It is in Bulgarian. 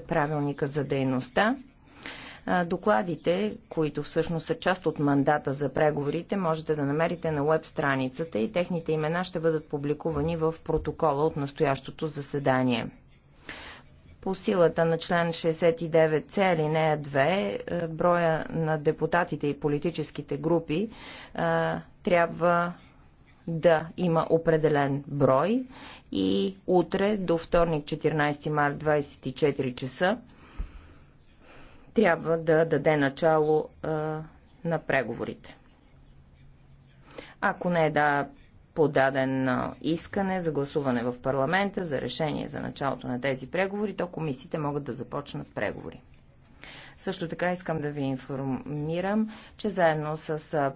правилника за дейността. Докладите, които всъщност са част от мандата за преговорите, можете да намерите на веб страницата и техните имена ще бъдат публикувани в протокола от настоящото заседание. По силата на член 69c алинея 2, е, броя на депутатите и политическите групи е, трябва да има определен брой и утре до вторник 14 март 24 часа трябва да даде начало а, на преговорите. Ако не е да подаден искане за гласуване в парламента за решение за началото на тези преговори, то комисиите могат да започнат преговори. Също така искам да ви информирам, че заедно с